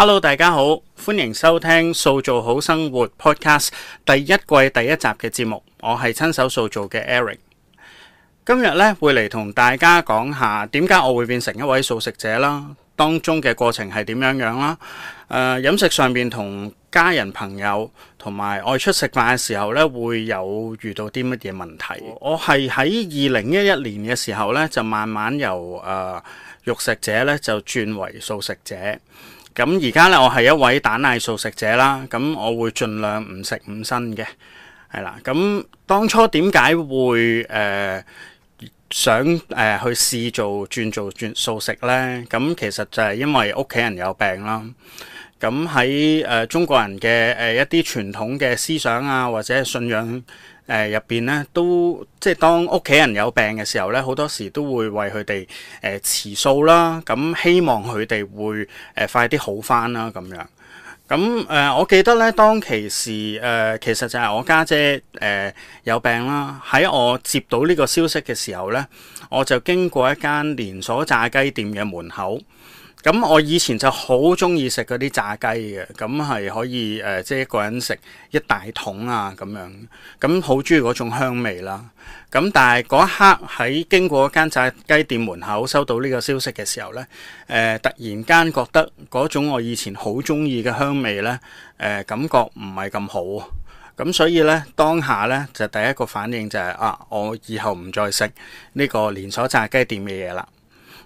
Hello，大家好，歡迎收聽《素造好生活》podcast 第一季第一集嘅節目。我係親手素造嘅 Eric，今日咧會嚟同大家講下點解我會變成一位素食者啦，當中嘅過程係點樣樣啦。誒、呃，飲食上面同家人、朋友同埋外出食飯嘅時候咧，會有遇到啲乜嘢問題？我係喺二零一一年嘅時候咧，就慢慢由誒、呃、肉食者咧就轉為素食者。咁而家咧，我係一位蛋奶素食者啦。咁我會盡量唔食五辛嘅，係啦。咁當初點解會誒、呃、想誒、呃、去試做轉做轉素食呢？咁其實就係因為屋企人有病啦。咁喺誒中國人嘅誒一啲傳統嘅思想啊，或者信仰。誒入邊咧，都即係當屋企人有病嘅時候咧，好多時都會為佢哋誒持素啦，咁、呃、希望佢哋會誒、呃、快啲好翻啦咁樣。咁、嗯、誒、呃，我記得咧，當其時誒、呃，其實就係我家姐誒、呃、有病啦。喺我接到呢個消息嘅時候咧，我就經過一間連鎖炸雞店嘅門口。咁我以前就好中意食嗰啲炸雞嘅，咁係可以誒、呃，即係一個人食一大桶啊咁樣，咁好中意嗰種香味啦。咁但係嗰一刻喺經過間炸雞店門口收到呢個消息嘅時候呢，誒、呃、突然間覺得嗰種我以前好中意嘅香味呢，誒、呃、感覺唔係咁好，啊。咁所以呢，當下呢，就第一個反應就係、係、啊，我以後唔再食呢個連鎖炸雞店嘅嘢啦。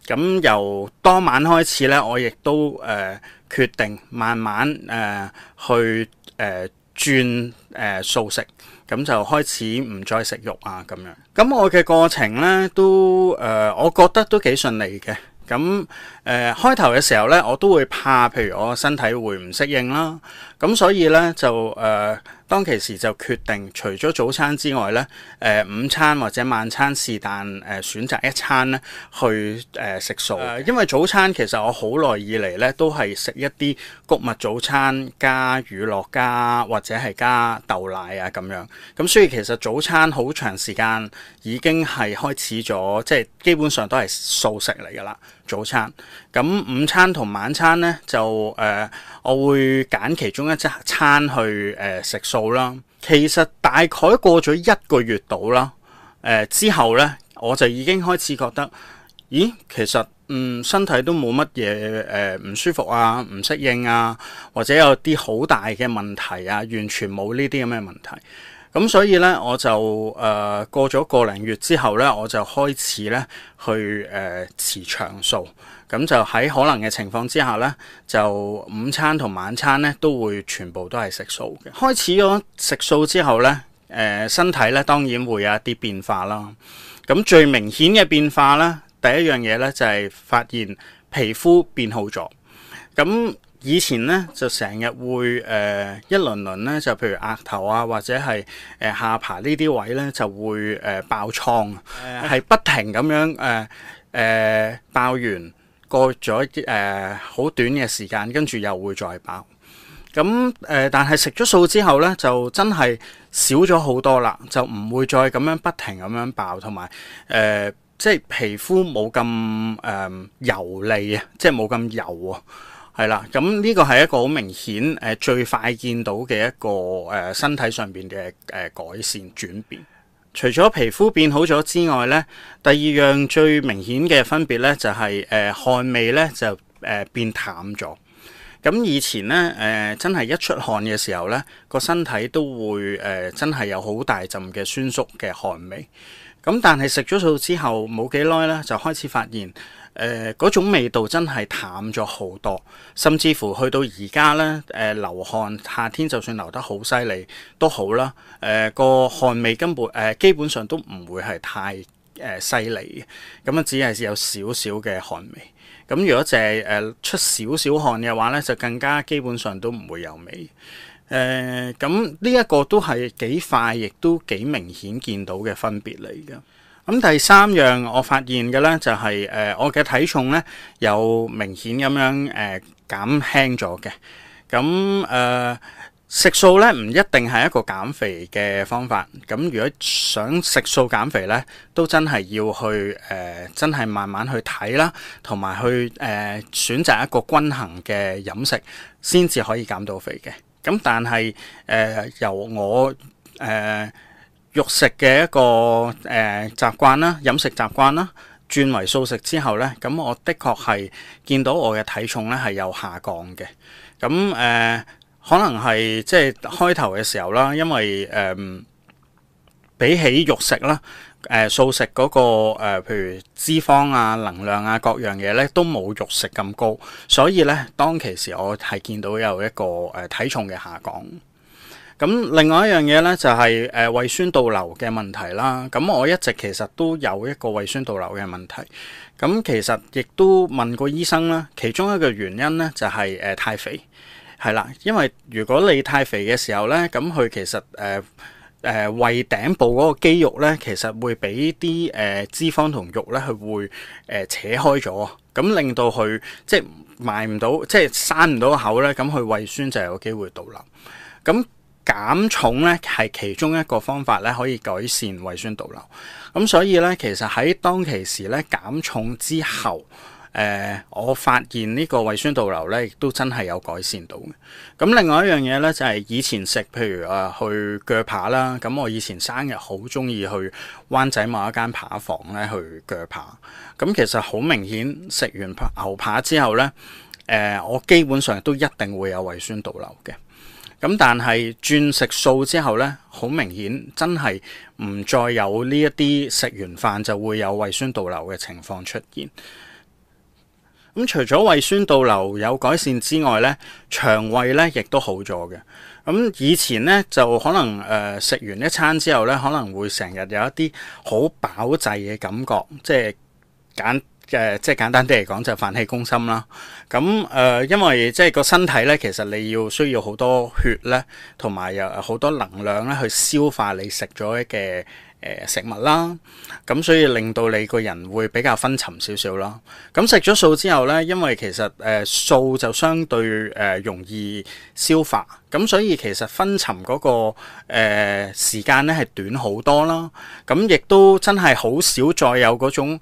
咁由當晚開始咧，我亦都誒、呃、決定慢慢誒、呃、去誒轉誒素食，咁就開始唔再食肉啊咁樣。咁我嘅過程咧都誒、呃，我覺得都幾順利嘅。咁誒、呃、開頭嘅時候咧，我都會怕，譬如我身體會唔適應啦。咁所以咧就誒、呃、當其時就決定，除咗早餐之外咧，誒、呃、午餐或者晚餐是但誒選擇一餐咧去誒、呃、食素、呃。因為早餐其實我好耐以嚟咧都係食一啲穀物早餐加乳酪加或者係加豆奶啊咁樣。咁所以其實早餐好長時間已經係開始咗，即係基本上都係素食嚟噶啦。早餐咁，午餐同晚餐呢，就誒、呃，我會揀其中一餐去誒、呃、食素啦。其實大概過咗一個月度啦、呃，之後呢，我就已經開始覺得，咦，其實嗯身體都冇乜嘢誒唔舒服啊，唔適應啊，或者有啲好大嘅問題啊，完全冇呢啲咁嘅問題。咁所以咧，我就誒、呃、過咗個零月之後咧，我就開始咧去誒、呃、持長素，咁就喺可能嘅情況之下咧，就午餐同晚餐咧都會全部都係食素嘅。開始咗食素之後咧，誒、呃、身體咧當然會有一啲變化啦。咁最明顯嘅變化咧，第一樣嘢咧就係、是、發現皮膚變好咗。咁以前咧就成日會誒、呃、一輪輪咧就譬如額頭啊或者係誒、呃、下巴呢啲位咧就會誒、呃、爆瘡，係不停咁樣誒誒爆完過咗誒好短嘅時間，跟住又會再爆。咁誒、呃、但係食咗素之後咧就真係少咗好多啦，就唔會再咁樣不停咁樣爆，同埋誒即係皮膚冇咁誒油膩啊，即係冇咁油啊。係啦，咁呢個係一個好明顯誒，最快見到嘅一個誒身體上邊嘅誒改善轉變。除咗皮膚變好咗之外呢，第二樣最明顯嘅分別呢，就係誒汗味呢就誒變淡咗。咁以前呢，誒真係一出汗嘅時候呢，個身體都會誒真係有好大陣嘅酸縮嘅汗味。咁但係食咗素之後冇幾耐呢，就開始發現。誒嗰、呃、種味道真係淡咗好多，甚至乎去到而家咧，誒、呃、流汗夏天就算流得好犀利都好啦，誒、呃、個汗味根本誒、呃、基本上都唔會係太誒犀利嘅，咁、呃、樣只係有少少嘅汗味。咁如果淨係誒出少少汗嘅話咧，就更加基本上都唔會有味。誒咁呢一個都係幾快，亦都幾明顯見到嘅分別嚟嘅。咁第三樣我發現嘅咧、就是，就係誒我嘅體重咧有明顯咁樣誒減輕咗嘅。咁、嗯、誒、呃、食素咧唔一定係一個減肥嘅方法。咁、嗯、如果想食素減肥咧，都真係要去誒、呃、真係慢慢去睇啦，同埋去誒、呃、選擇一個均衡嘅飲食，先至可以減到肥嘅。咁、嗯、但係誒、呃、由我誒。呃肉食嘅一個誒習慣啦，飲食習慣啦，轉為素食之後呢，咁我的確係見到我嘅體重呢係有下降嘅。咁誒、呃，可能係即係開頭嘅時候啦，因為誒、呃、比起肉食啦，誒、呃、素食嗰個誒，譬如脂肪啊、能量啊各樣嘢呢都冇肉食咁高，所以呢，當其時我係見到有一個誒、呃、體重嘅下降。咁另外一樣嘢咧就係誒胃酸倒流嘅問題啦。咁我一直其實都有一個胃酸倒流嘅問題。咁其實亦都問過醫生啦。其中一個原因咧就係誒太肥係啦。因為如果你太肥嘅時候咧，咁佢其實誒誒胃頂部嗰個肌肉咧，其實會俾啲誒脂肪同肉咧，佢會誒扯開咗。咁令到佢即係埋唔到，即係閂唔到口咧。咁佢胃酸就有機會倒流。咁減重咧係其中一個方法咧，可以改善胃酸倒流。咁所以咧，其實喺當其時咧減重之後，誒、呃，我發現呢個胃酸倒流咧亦都真係有改善到嘅。咁另外一樣嘢咧就係以前食，譬如啊去鋸扒啦。咁我以前生日好中意去灣仔某一間扒房咧去鋸扒。咁其實好明顯食完牛扒之後咧，誒、呃，我基本上都一定會有胃酸倒流嘅。咁但係轉食素之後呢，好明顯真係唔再有呢一啲食完飯就會有胃酸倒流嘅情況出現。咁、嗯、除咗胃酸倒流有改善之外呢，腸胃呢亦都好咗嘅。咁、嗯、以前呢，就可能誒食、呃、完一餐之後呢，可能會成日有一啲好飽滯嘅感覺，即係揀嘅即係簡單啲嚟講，就飯氣攻心啦。咁誒、呃，因為即係個身體咧，其實你要需要好多血咧，同埋又好多能量咧，去消化你食咗嘅誒食物啦。咁所以令到你個人會比較昏沉少少啦。咁食咗素之後咧，因為其實誒、呃、素就相對誒、呃、容易消化，咁所以其實昏沉嗰、那個誒、呃、時間咧係短好多啦。咁亦都真係好少再有嗰種。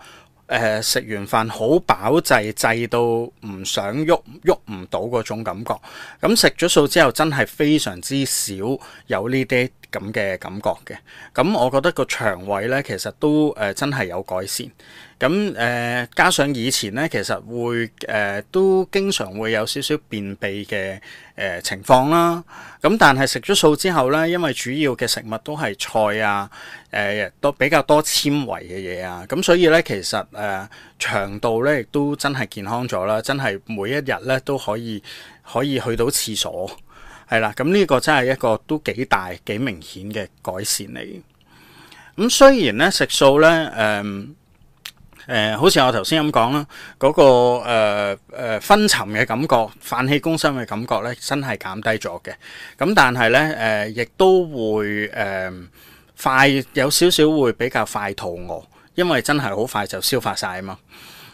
誒、呃、食完飯好飽滯滯到唔想喐喐唔到嗰種感覺，咁食咗素之後真係非常之少有呢啲咁嘅感覺嘅，咁、嗯、我覺得個腸胃呢，其實都誒、呃、真係有改善。咁誒、呃，加上以前咧，其實會誒、呃、都經常會有少少便秘嘅誒、呃、情況啦。咁但係食咗素之後咧，因為主要嘅食物都係菜啊，誒、呃、都比較多纖維嘅嘢啊，咁所以咧，其實誒腸道咧，亦都真係健康咗啦，真係每一日咧，都可以可以去到廁所，係啦。咁 呢個真係一個都幾大幾明顯嘅改善嚟。咁、嗯、雖然咧食素咧誒。嗯誒、呃，好似我頭先咁講啦，嗰、那個誒誒、呃呃、昏沉嘅感覺、泛氣攻心嘅感覺咧，真係減低咗嘅。咁但係咧，誒、呃、亦都會誒、呃、快有少少會比較快肚餓，餓，因為真係好快就消化晒啊嘛。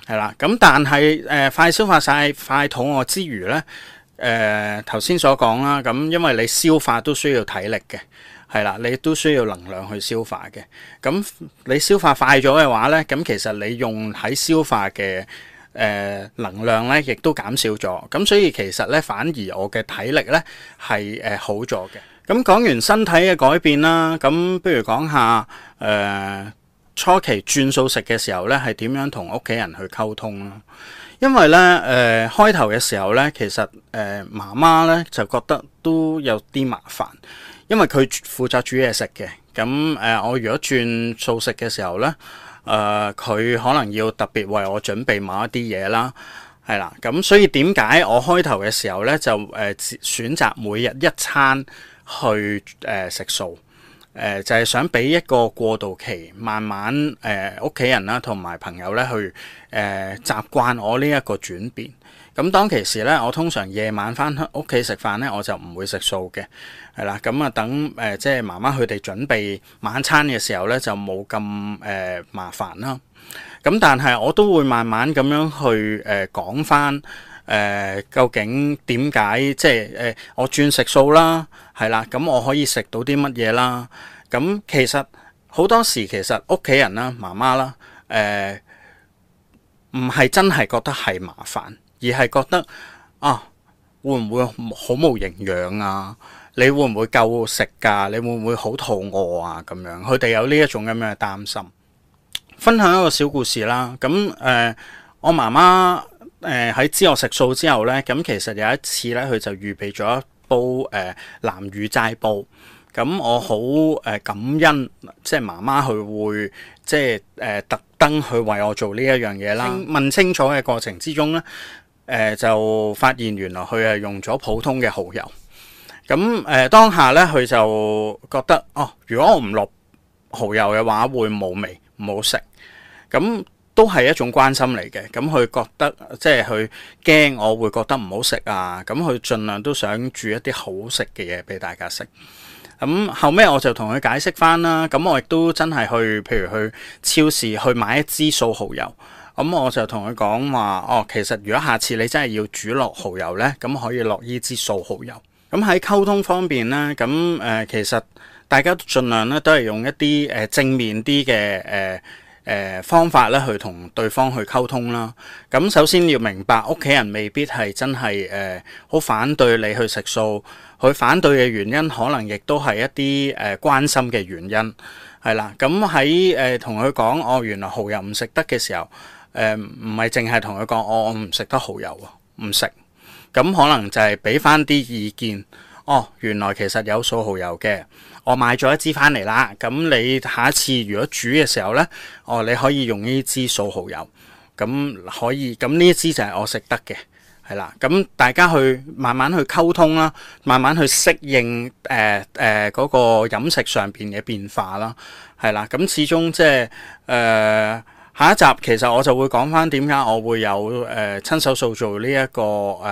係啦，咁但係誒、呃、快消化晒、快肚餓，餓之餘咧，誒頭先所講啦，咁因為你消化都需要體力嘅。係啦，你都需要能量去消化嘅。咁你消化快咗嘅話呢，咁其實你用喺消化嘅誒、呃、能量呢，亦都減少咗。咁所以其實呢，反而我嘅體力呢，係誒好咗嘅。咁、呃、講完身體嘅改變啦，咁不如講下誒、呃、初期轉素食嘅時候呢，係點樣同屋企人去溝通咯？因為呢，誒、呃、開頭嘅時候呢，其實誒、呃、媽媽呢就覺得都有啲麻煩。因為佢負責煮嘢食嘅，咁誒，我如果轉素食嘅時候呢，誒、呃，佢可能要特別為我準備某一啲嘢啦，係啦，咁所以點解我開頭嘅時候呢，就、呃、誒選擇每日一餐去誒、呃、食素，誒、呃、就係、是、想俾一個過渡期，慢慢誒屋企人啦同埋朋友呢，去、呃、誒習慣我呢一個轉變。咁當其時咧，我通常夜晚翻屋企食飯咧，我就唔會食素嘅，係啦。咁啊，等誒即係媽媽佢哋準備晚餐嘅時候咧，就冇咁誒麻煩啦。咁但係我都會慢慢咁樣去誒講翻誒究竟點解即係誒我轉食素啦，係啦，咁我可以食到啲乜嘢啦？咁其實好多時其實屋企人啦，媽媽啦，誒唔係真係覺得係麻煩。而係覺得啊，會唔會好冇營養啊？你會唔會夠食噶？你會唔會好肚餓啊？咁樣，佢哋有呢一種咁樣嘅擔心。分享一個小故事啦。咁誒、呃，我媽媽誒喺知我食素之後呢，咁其實有一次呢，佢就預備咗一煲誒、呃、南乳齋煲。咁我好誒感恩，即係媽媽佢會即係誒、呃、特登去為我做呢一樣嘢啦。問清楚嘅過程之中呢，誒、呃、就發現原來佢係用咗普通嘅蠔油，咁誒、呃、當下呢，佢就覺得哦，如果我唔落蠔油嘅話，會冇味，唔好食。咁都係一種關心嚟嘅，咁佢覺得即係佢驚我會覺得唔好食啊，咁佢盡量都想煮一啲好食嘅嘢俾大家食。咁後尾我就同佢解釋返啦，咁我亦都真係去，譬如去超市去買一支素蠔油。咁、嗯、我就同佢講話，哦，其實如果下次你真係要煮落蠔油呢，咁可以落呢支素蠔油。咁喺溝通方面呢，咁誒、呃，其實大家都盡量呢都係用一啲誒、呃、正面啲嘅誒誒方法咧去同對方去溝通啦。咁首先要明白屋企人未必係真係誒好反對你去食素，佢反對嘅原因可能亦都係一啲誒、呃、關心嘅原因係啦。咁喺誒同佢講，哦，原來蠔油唔食得嘅時候。誒唔係淨係同佢講我唔食得蠔油喎，唔食。咁可能就係俾翻啲意見。哦，原來其實有素蠔油嘅，我買咗一支翻嚟啦。咁你下一次如果煮嘅時候呢，哦，你可以用呢支素蠔油。咁可以，咁呢一支就係我食得嘅，係啦。咁、嗯、大家去慢慢去溝通啦，慢慢去適應誒誒嗰個飲食上邊嘅變化啦，係啦。咁、嗯、始終即係誒。呃下一集其實我就會講翻點解我會有誒、呃、親手素造呢一個誒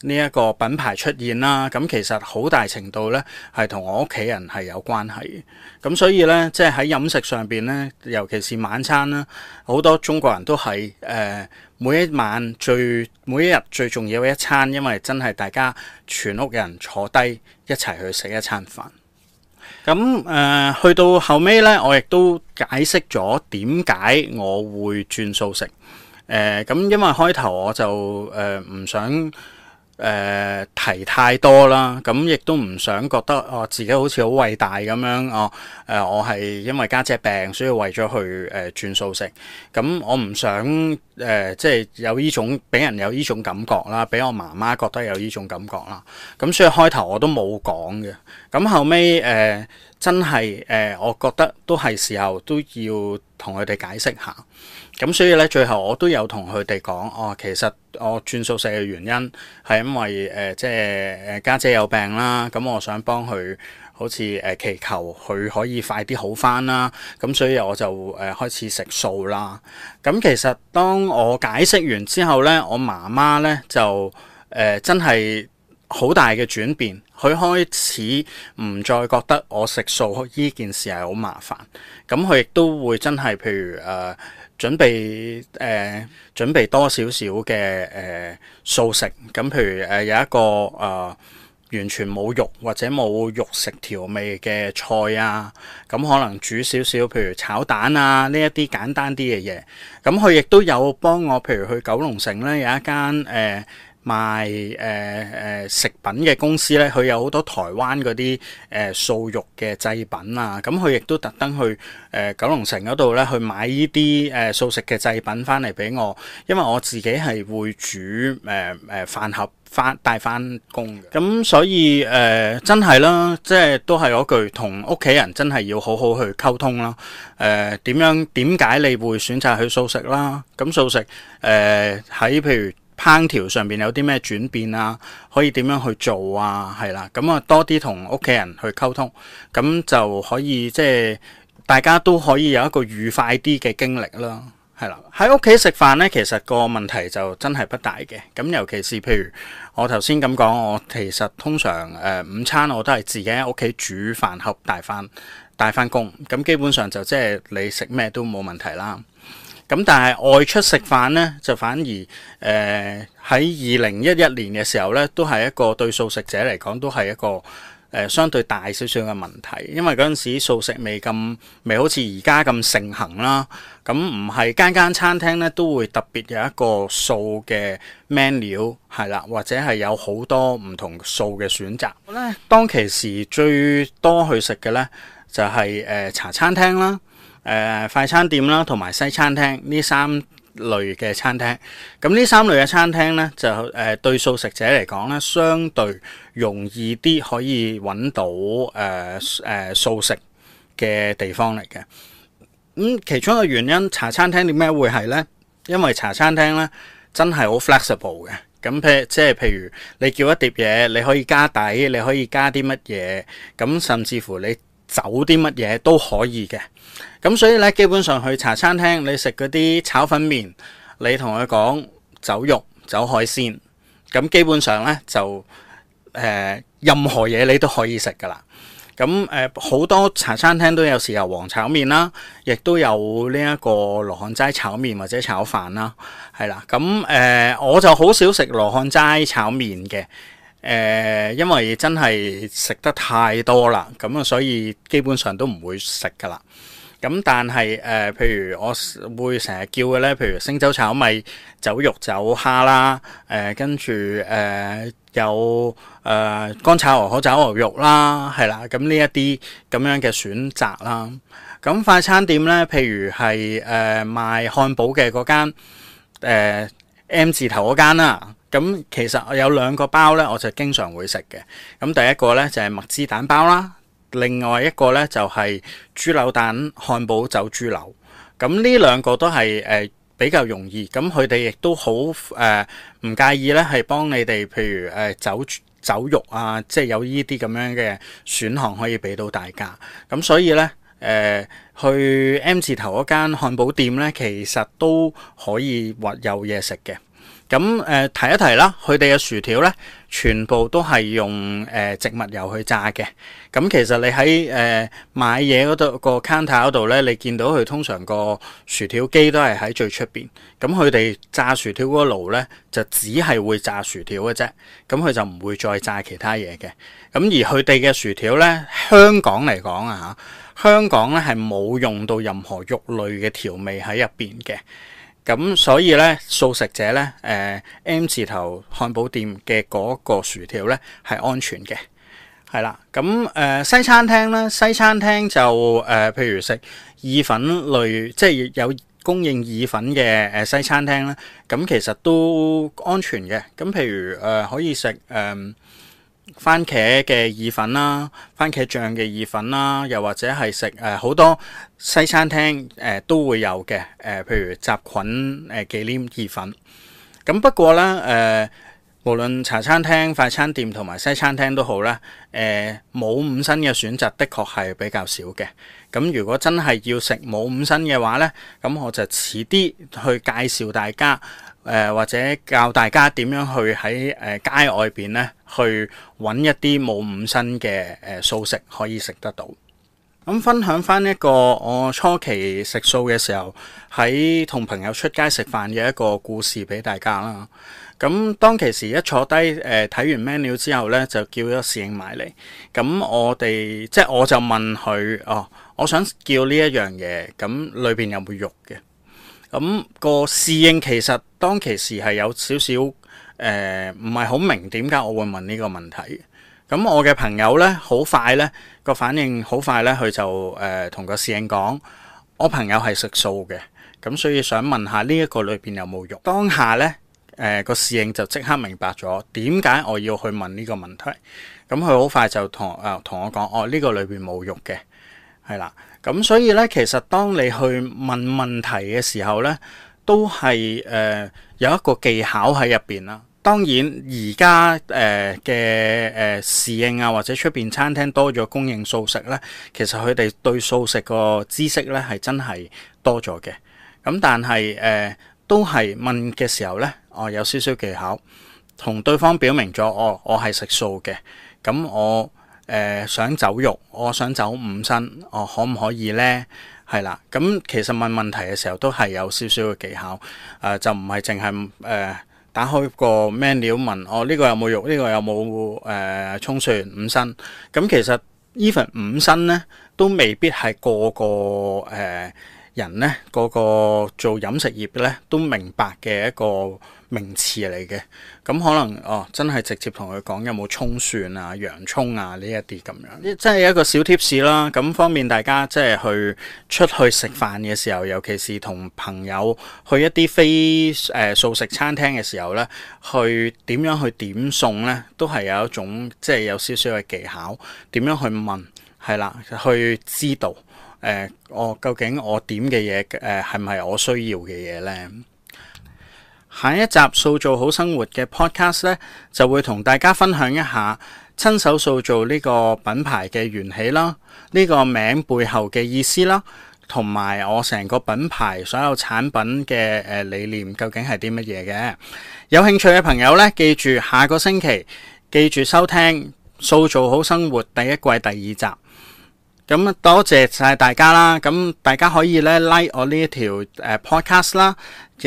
呢一個品牌出現啦。咁其實好大程度咧係同我屋企人係有關係嘅。咁所以咧即係喺飲食上邊咧，尤其是晚餐啦，好多中國人都係誒、呃、每一晚最每一日最重要嘅一餐，因為真係大家全屋嘅人坐低一齊去食一餐飯。咁誒、呃，去到後尾咧，我亦都解釋咗點解我會轉素食。誒、呃，咁因為開頭我就誒唔、呃、想誒、呃、提太多啦。咁亦都唔想覺得哦自己好似好偉大咁樣哦。誒、呃，我係因為家姐，姐病，所以為咗去誒轉素食。咁、呃嗯、我唔想。誒、呃，即係有呢種俾人有呢種感覺啦，俾我媽媽覺得有呢種感覺啦。咁、嗯、所以開頭我都冇講嘅。咁、嗯、後尾誒、呃，真係誒、呃，我覺得都係時候都要同佢哋解釋下。咁、嗯、所以咧，最後我都有同佢哋講，哦，其實我轉素食嘅原因係因為誒、呃，即係誒家姐有病啦，咁、嗯、我想幫佢。好似誒祈求佢可以快啲好返啦，咁所以我就誒開始食素啦。咁其實當我解釋完之後咧，我媽媽咧就誒、呃、真係好大嘅轉變，佢開始唔再覺得我食素呢件事係好麻煩。咁佢亦都會真係譬如誒、呃、準備誒、呃、準備多少少嘅誒素食。咁譬如誒有一個誒、呃完全冇肉或者冇肉食調味嘅菜啊，咁可能煮少少，譬如炒蛋啊，呢一啲簡單啲嘅嘢，咁佢亦都有幫我，譬如去九龍城咧有一間誒。呃賣誒誒、呃、食品嘅公司咧，佢有好多台灣嗰啲誒素肉嘅製品啊，咁佢亦都特登去誒、呃、九龍城嗰度咧，去買呢啲誒素食嘅製品翻嚟俾我，因為我自己係會煮誒誒、呃、飯盒翻帶翻工嘅，咁所以誒、呃、真係啦，即係都係嗰句，同屋企人真係要好好去溝通囉。誒、呃、點樣點解你會選擇去素食啦？咁素食誒喺、呃、譬如。烹調上面有啲咩轉變啊？可以點樣去做啊？係啦，咁啊多啲同屋企人去溝通，咁就可以即係大家都可以有一個愉快啲嘅經歷啦。係啦，喺屋企食飯咧，其實個問題就真係不大嘅。咁尤其是譬如我頭先咁講，我其實通常誒午餐我都係自己喺屋企煮飯盒帶翻帶翻工，咁基本上就即係你食咩都冇問題啦。咁但係外出食飯呢，就反而誒喺二零一一年嘅時候呢，都係一個對素食者嚟講都係一個誒、呃、相對大少少嘅問題，因為嗰陣時素食未咁未好似而家咁盛行啦。咁唔係間間餐廳呢都會特別有一個素嘅 menu，係啦，或者係有好多唔同素嘅選擇咧。呢當其時最多去食嘅呢，就係、是、誒、呃、茶餐廳啦。誒、呃、快餐店啦，同埋西餐廳呢三類嘅餐廳，咁呢三類嘅餐廳咧，就誒、呃、對素食者嚟講咧，相對容易啲可以揾到誒誒、呃呃、素食嘅地方嚟嘅。咁、嗯、其中一個原因，茶餐廳點解會係咧？因為茶餐廳咧真係好 flexible 嘅。咁譬即係譬如你叫一碟嘢，你可以加底，你可以加啲乜嘢，咁甚至乎你走啲乜嘢都可以嘅。咁所以咧，基本上去茶餐廳你，你食嗰啲炒粉麵，你同佢講走肉走海鮮，咁基本上咧就誒、呃、任何嘢你都可以食噶啦。咁誒好多茶餐廳都有豉油皇炒麵啦，亦都有呢一個羅漢齋炒麵或者炒飯啦，係啦。咁誒、呃、我就好少食羅漢齋炒麵嘅誒，因為真係食得太多啦，咁啊，所以基本上都唔會食噶啦。咁但係誒，譬、呃、如我會成日叫嘅咧，譬如星洲炒米、走肉、走蝦、呃呃呃、酒啦，誒跟住誒有誒乾炒河河走牛肉啦，係、嗯、啦，咁呢一啲咁樣嘅選擇啦。咁快餐店咧，譬如係誒、呃、賣漢堡嘅嗰間 M 字頭嗰間啦，咁其實我有兩個包咧，我就經常會食嘅。咁、嗯、第一個咧就係麥芝蛋包啦。另外一個呢，就係豬柳蛋漢堡走豬柳，咁呢兩個都係誒、呃、比較容易，咁佢哋亦都好誒唔介意呢係幫你哋譬如誒、呃、走走肉啊，即係有呢啲咁樣嘅選項可以俾到大家。咁所以呢，誒、呃、去 M 字頭嗰間漢堡店呢，其實都可以或有嘢食嘅。咁誒、呃、提一提啦，佢哋嘅薯條咧，全部都係用誒、呃、植物油去炸嘅。咁其實你喺誒、呃、買嘢嗰度個 counter 嗰度咧，你見到佢通常個薯條機都係喺最出邊。咁佢哋炸薯條嗰爐咧，就只係會炸薯條嘅啫。咁佢就唔會再炸其他嘢嘅。咁而佢哋嘅薯條咧，香港嚟講啊，香港咧係冇用到任何肉類嘅調味喺入邊嘅。咁所以咧，素食者咧，誒、呃、M 字頭漢堡店嘅嗰個薯條咧係安全嘅，係啦。咁誒、呃、西餐廳咧，西餐廳就誒、呃，譬如食意粉類，即係有供應意粉嘅誒西餐廳咧，咁其實都安全嘅。咁譬如誒、呃，可以食誒。呃番茄嘅意粉啦，番茄醬嘅意粉啦，又或者係食誒好多西餐廳誒、呃、都會有嘅誒、呃，譬如雜菌誒、呃、忌廉意粉。咁不過咧誒、呃，無論茶餐廳、快餐店同埋西餐廳都好啦，誒冇五辛嘅選擇的確係比較少嘅。咁如果真係要食冇五辛嘅話咧，咁我就遲啲去介紹大家。誒、呃、或者教大家點樣去喺誒、呃、街外邊咧，去揾一啲冇五辛嘅誒素食可以食得到。咁分享翻一個我初期食素嘅時候，喺同朋友出街食飯嘅一個故事俾大家啦。咁當其時一坐低誒睇完 menu 之後咧，就叫咗侍應埋嚟。咁我哋即係我就問佢，哦，我想叫呢一樣嘢，咁裏邊有冇肉嘅？咁個侍應其實當其時係有少少誒，唔係好明點解我會問呢個問題。咁我嘅朋友呢，好快呢，個反應好快呢，佢就誒同、呃、個侍應講：我朋友係食素嘅，咁所以想問下呢一個裏邊有冇肉。當下呢誒、呃、個侍應就即刻明白咗點解我要去問呢個問題。咁佢好快就同誒同我講：哦，呢、呢個裏邊冇肉嘅。係啦，咁、嗯、所以咧，其實當你去問問題嘅時候咧，都係誒、呃、有一個技巧喺入邊啦。當然而家誒嘅誒侍應啊，或者出邊餐廳多咗供應素食咧，其實佢哋對素食個知識咧係真係多咗嘅。咁但係誒、呃、都係問嘅時候咧，哦有少少技巧，同對方表明咗、哦、我我係食素嘅，咁我。誒、呃、想走肉，我、哦、想走五辛，我、哦、可唔可以呢？係啦，咁、嗯、其實問問題嘅時候都係有少少嘅技巧，誒、呃、就唔係淨係誒打開個 menu 問哦。呢、這個有冇肉，呢、這個有冇誒蔥蒜五辛？咁、嗯、其實 even 五辛呢，都未必係個個誒、呃、人呢，個個做飲食業呢，都明白嘅一個名詞嚟嘅。咁可能哦，真係直接同佢講有冇蔥蒜啊、洋蔥啊呢一啲咁樣，即係一個小 tips 啦。咁方便大家即係去出去食飯嘅時候，尤其是同朋友去一啲非誒、呃、素食餐廳嘅時候咧，去點樣去點餸咧，都係有一種即係有少少嘅技巧，點樣去問係啦，去知道誒我、呃哦、究竟我點嘅嘢誒係唔係我需要嘅嘢咧？下一集《素造好生活》嘅 podcast 咧，就會同大家分享一下親手素造呢個品牌嘅緣起啦，呢個名背後嘅意思啦，同埋我成個品牌所有產品嘅誒理念究竟係啲乜嘢嘅？有興趣嘅朋友咧，記住下個星期，記住收聽《素造好生活》第一季第二集。咁多謝晒大家啦！咁大家可以咧 like 我呢一條誒 podcast 啦。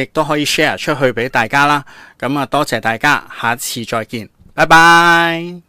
亦都可以 share 出去俾大家啦，噉啊，多謝大家，下次再見，拜拜。